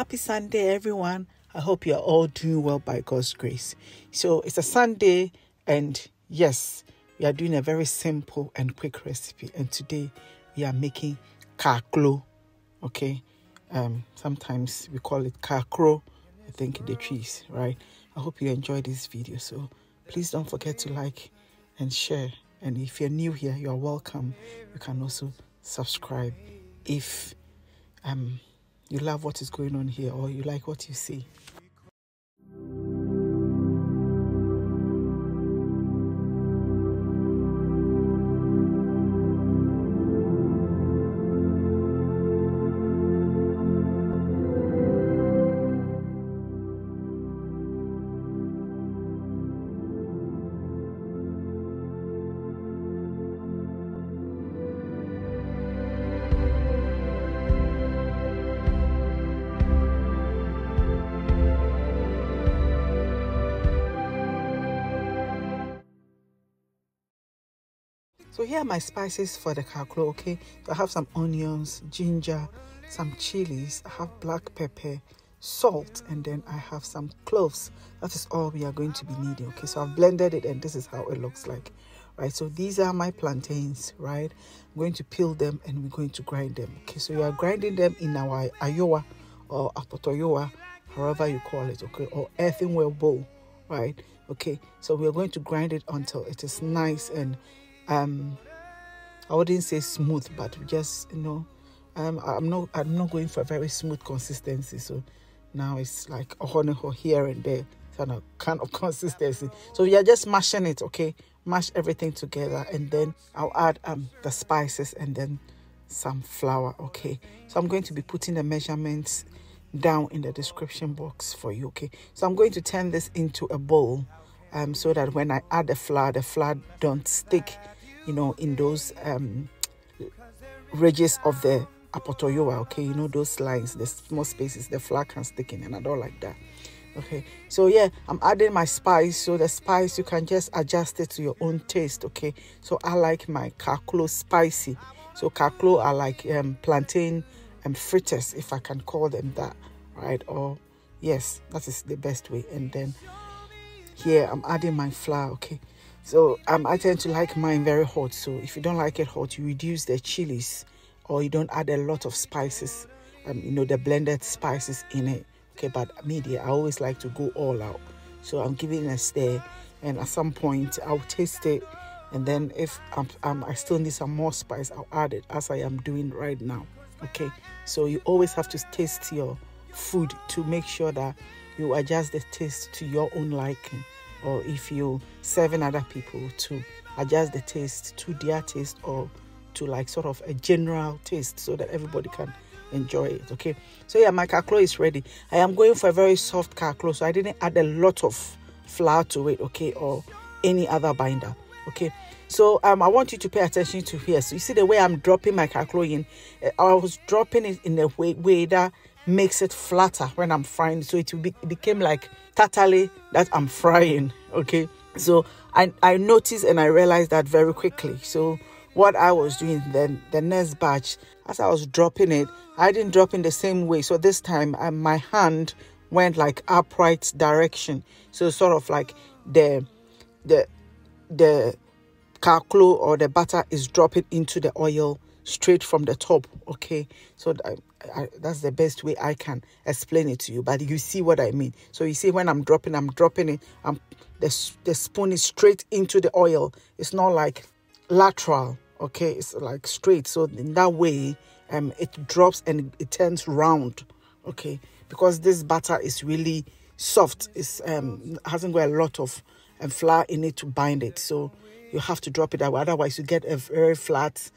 Happy Sunday, everyone. I hope you're all doing well by God's grace. So, it's a Sunday, and yes, we are doing a very simple and quick recipe. And today, we are making kaklo. Okay, um, sometimes we call it kakro. I think the trees, right? I hope you enjoy this video. So, please don't forget to like and share. And if you're new here, you are welcome. You can also subscribe if um you love what is going on here or you like what you see So here are my spices for the kaklo, okay? So I have some onions, ginger, some chilies, I have black pepper, salt, and then I have some cloves. That is all we are going to be needing, okay? So I've blended it and this is how it looks like, right? So these are my plantains, right? I'm going to peel them and we're going to grind them, okay? So we are grinding them in our ayowa or apotoyowa, however you call it, okay? Or earthenware bowl, right? Okay, so we are going to grind it until it is nice and um, I wouldn't say smooth, but just you know, um, I'm not I'm not going for a very smooth consistency. So now it's like a honey here and there kind of kind of consistency. So we are just mashing it, okay? Mash everything together, and then I'll add um the spices and then some flour, okay? So I'm going to be putting the measurements down in the description box for you, okay? So I'm going to turn this into a bowl um, so that when I add a flour, the flour don't stick, you know, in those um, ridges of the apotoyoa, okay? You know, those lines, the small spaces, the flour can stick in and I don't like that. Okay, so yeah, I'm adding my spice. So the spice, you can just adjust it to your own taste, okay? So I like my kaklo spicy. So kaklo are like um, plantain and um, fritters, if I can call them that, right? Or yes, that is the best way. And then here i'm adding my flour okay so um, i tend to like mine very hot so if you don't like it hot you reduce the chilies or you don't add a lot of spices um, you know the blended spices in it okay but me dear i always like to go all out so i'm giving a stir and at some point i'll taste it and then if I'm, I'm, i still need some more spice i'll add it as i am doing right now okay so you always have to taste your food to make sure that you adjust the taste to your own liking or if you're serving other people to adjust the taste to their taste or to like sort of a general taste so that everybody can enjoy it okay so yeah my kaklo is ready i am going for a very soft kaklo so i didn't add a lot of flour to it okay or any other binder okay so um i want you to pay attention to here so you see the way i'm dropping my kaklo in i was dropping it in a way, way that makes it flatter when I'm frying. So it, be, it became like tatale that I'm frying. Okay. So I, I noticed and I realized that very quickly. So what I was doing then, the next batch, as I was dropping it, I didn't drop in the same way. So this time I, um, my hand went like upright direction. So sort of like the, the, the, calculo or the butter is dropping into the oil straight from the top okay so I, I, that's the best way i can explain it to you but you see what i mean so you see when i'm dropping i'm dropping it i'm the, the spoon is straight into the oil it's not like lateral okay it's like straight so in that way um it drops and it turns round okay because this batter is really soft it's um hasn't got a lot of and um, flour in it to bind it so you have to drop it otherwise you get a very flat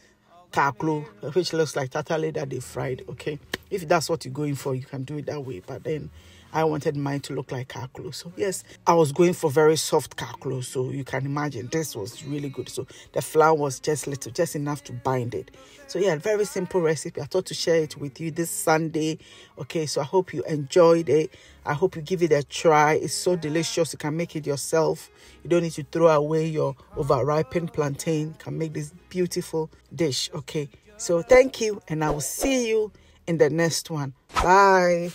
Taklo, which looks like tatale that they fried. Okay, if that's what you're going for, you can do it that way. But then I wanted mine to look like so Yes, I was going for very soft So You can imagine this was really good. So the flour was just little, just enough to bind it. So yeah, very simple recipe. I thought to share it with you this Sunday. Okay, so I hope you enjoyed it. I hope you give it a try. It's so delicious. You can make it yourself. You don't need to throw away your overripened plantain. You can make this beautiful dish. Okay. So thank you and I will see you in the next one. Bye.